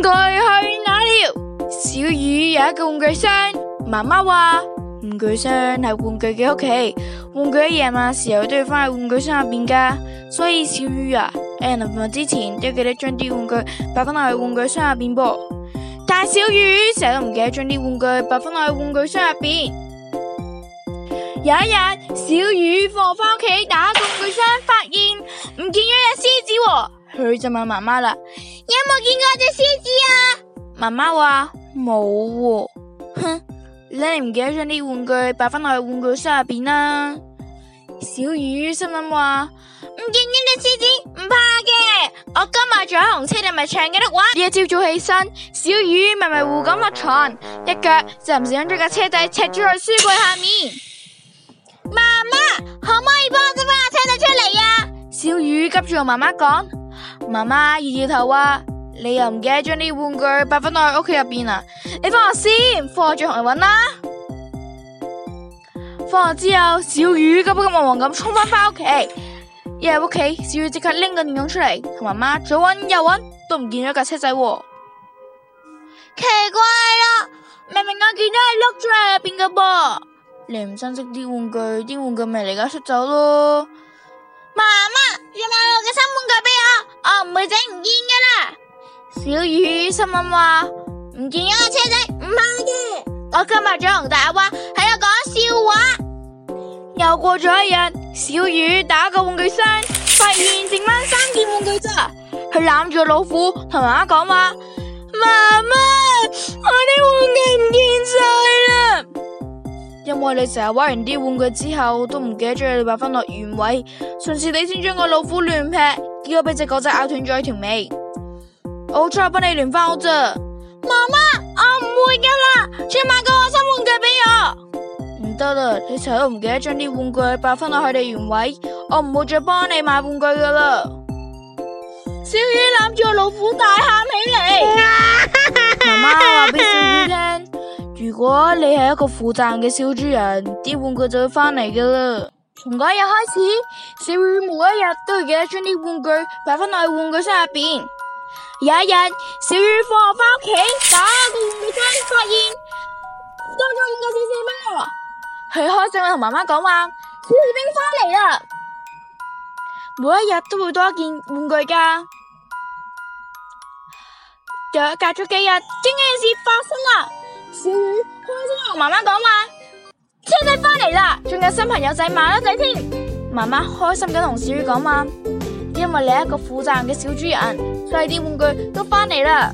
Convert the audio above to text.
玩具去哪了？小雨有一個玩具箱，媽媽話玩具箱係玩具嘅屋企，玩具夜晚時候都要翻去玩具箱入面㗎。所以小雨啊，喺入房之前都要記得將啲玩具擺翻落去玩具箱入面噶。但小雨成日都唔記得將啲玩具擺翻落去玩具箱入邊。有一日，小雨放學翻屋企打開玩具箱，發現唔見咗隻獅子，佢就問媽媽啦。有冇見過隻獅子啊？媽媽話冇喎、哦。哼，你唔記得將啲玩具擺翻落去玩具箱入邊啦。小雨心諗話唔見咗隻獅子，唔怕嘅，我今日坐喺紅車，不是哇你咪唱緊碌玩。一朝早起身，小雨迷迷糊咁落床，一腳就唔小心將架車仔踢咗書櫃下面。媽媽可唔可以幫一我幫我車聽得出嚟啊？小雨急住同媽媽講媽媽搖搖頭話：你又唔記得將啲玩具擺翻落去屋企入邊啊！你放學先，放學再同你搵啦。放學之後，小雨急急忙忙咁衝翻翻屋企。一入屋企，小雨即刻拎個電筒出嚟，同媽媽左搵右搵，都唔見咗架車仔喎。奇怪啦，明明我見到係碌住喺入邊㗎噃。你唔珍惜啲玩具，啲玩具咪離家出走咯。唔會整唔見噶啦，小雨心諗話唔見咗個車仔，唔怕嘅。我今日早上大阿媽喺度講笑話。又過咗一日，小雨打個玩具箱，發現剩翻三件玩具咋。佢攬住老虎同媽媽講話：媽媽，我啲玩具。你成日玩完啲玩具之後都唔記得將佢哋擺翻落原位。上次你先將個老虎亂劈，結果俾隻狗仔咬斷咗一條尾，我好彩幫你連翻啫。媽媽，我唔會噶啦，先買個我新玩具俾我。唔得啦，你成日都唔記得將啲玩具擺翻落佢哋原位，我唔會再幫你買玩具噶啦。小魚攬住個老虎大喊起嚟。啊你係一個負責任嘅小主人，啲玩具就會返嚟㗎喇。從嗰日開始，小魚每一日都會記得將啲玩具擺返落去玩具箱入邊。有一日，小魚放學返屋企打開玩具箱，發現多咗五個小士兵了。佢開心地同媽媽講話：小士兵返嚟啦！每一日都會多一件玩具㗎。就喺隔咗幾日，正件事發生啦。小雨開心咁同媽媽講，車仔返嚟啦，仲有新朋友仔馬騮仔添。媽媽開心咁同小雨講，因為你係一個負責任嘅小主人，所以啲玩具都返嚟啦。